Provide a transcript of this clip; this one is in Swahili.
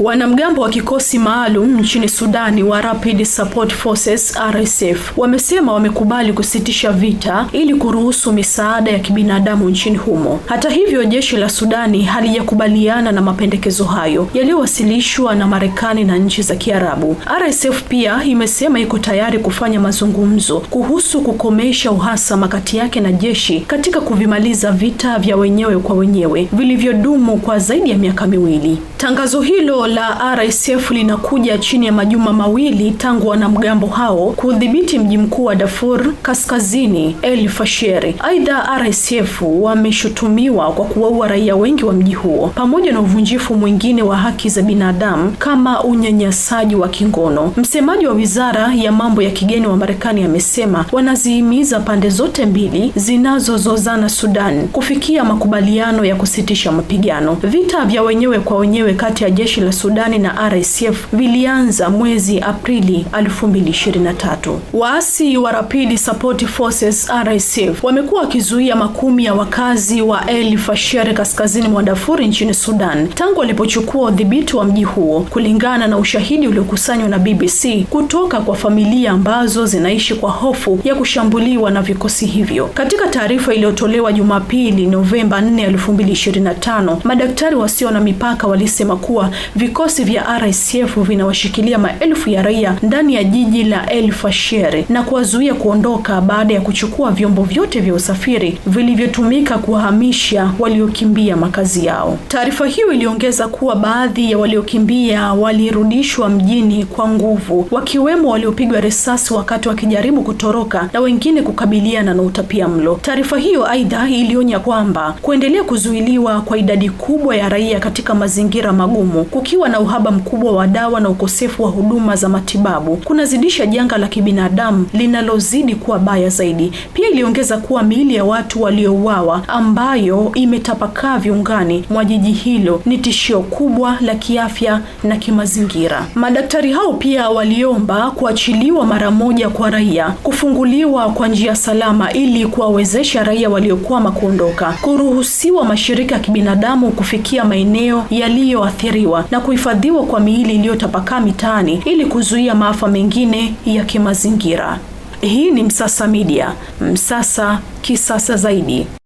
Wanamgambo wa kikosi maalum nchini Sudani wa Rapid Support Forces RSF wamesema wamekubali kusitisha vita ili kuruhusu misaada ya kibinadamu nchini humo. Hata hivyo, jeshi la Sudani halijakubaliana na mapendekezo hayo yaliyowasilishwa na Marekani na nchi za Kiarabu. RSF pia imesema iko tayari kufanya mazungumzo kuhusu kukomesha uhasama kati yake na jeshi katika kuvimaliza vita vya wenyewe kwa wenyewe vilivyodumu kwa zaidi ya miaka miwili. Tangazo hilo la RSF linakuja chini ya majuma mawili tangu wanamgambo hao kudhibiti mji mkuu wa Darfur Kaskazini El Fasher. Aidha, RSF wameshutumiwa kwa kuwaua raia wengi wa mji huo pamoja na uvunjifu mwingine wa haki za binadamu kama unyanyasaji wa kingono. Msemaji wa Wizara ya Mambo ya Kigeni wa Marekani amesema wanazihimiza pande zote mbili zinazozozana Sudan kufikia makubaliano ya kusitisha mapigano. Vita vya wenyewe kwa wenyewe kati ya jeshi la Sudani na RSF vilianza mwezi Aprili 2023. Waasi wa Rapid Support Forces RSF wamekuwa wakizuia makumi ya wakazi wa El Fasher kaskazini mwa Darfur nchini Sudan tangu walipochukua udhibiti wa mji huo, kulingana na ushahidi uliokusanywa na BBC kutoka kwa familia ambazo zinaishi kwa hofu ya kushambuliwa na vikosi hivyo. Katika taarifa iliyotolewa Jumapili Novemba 4, 2025, madaktari wasio na mipaka walisema kuwa Vikosi vya RSF vinawashikilia maelfu ya raia ndani ya jiji la El Fasher na kuwazuia kuondoka baada ya kuchukua vyombo vyote vya usafiri vilivyotumika kuwahamisha waliokimbia makazi yao. Taarifa hiyo iliongeza kuwa baadhi ya waliokimbia walirudishwa mjini kwa nguvu, wakiwemo waliopigwa risasi wakati wakijaribu kutoroka na wengine kukabiliana na utapia mlo Taarifa hiyo aidha ilionya kwamba kuendelea kuzuiliwa kwa idadi kubwa ya raia katika mazingira magumu kuki Kukiwa na uhaba mkubwa wa dawa na ukosefu wa huduma za matibabu kunazidisha janga la kibinadamu linalozidi kuwa baya zaidi. Pia iliongeza kuwa miili ya watu waliouawa ambayo imetapakaa viungani mwa jiji hilo ni tishio kubwa la kiafya na kimazingira. Madaktari hao pia waliomba kuachiliwa mara moja kwa raia, kufunguliwa kwa njia salama ili kuwawezesha raia waliokwama kuondoka, kuruhusiwa mashirika ya kibinadamu kufikia maeneo yaliyoathiriwa na kuhifadhiwa kwa miili iliyotapakaa mitaani ili kuzuia maafa mengine ya kimazingira. Hii ni Msasa Media. Msasa kisasa zaidi.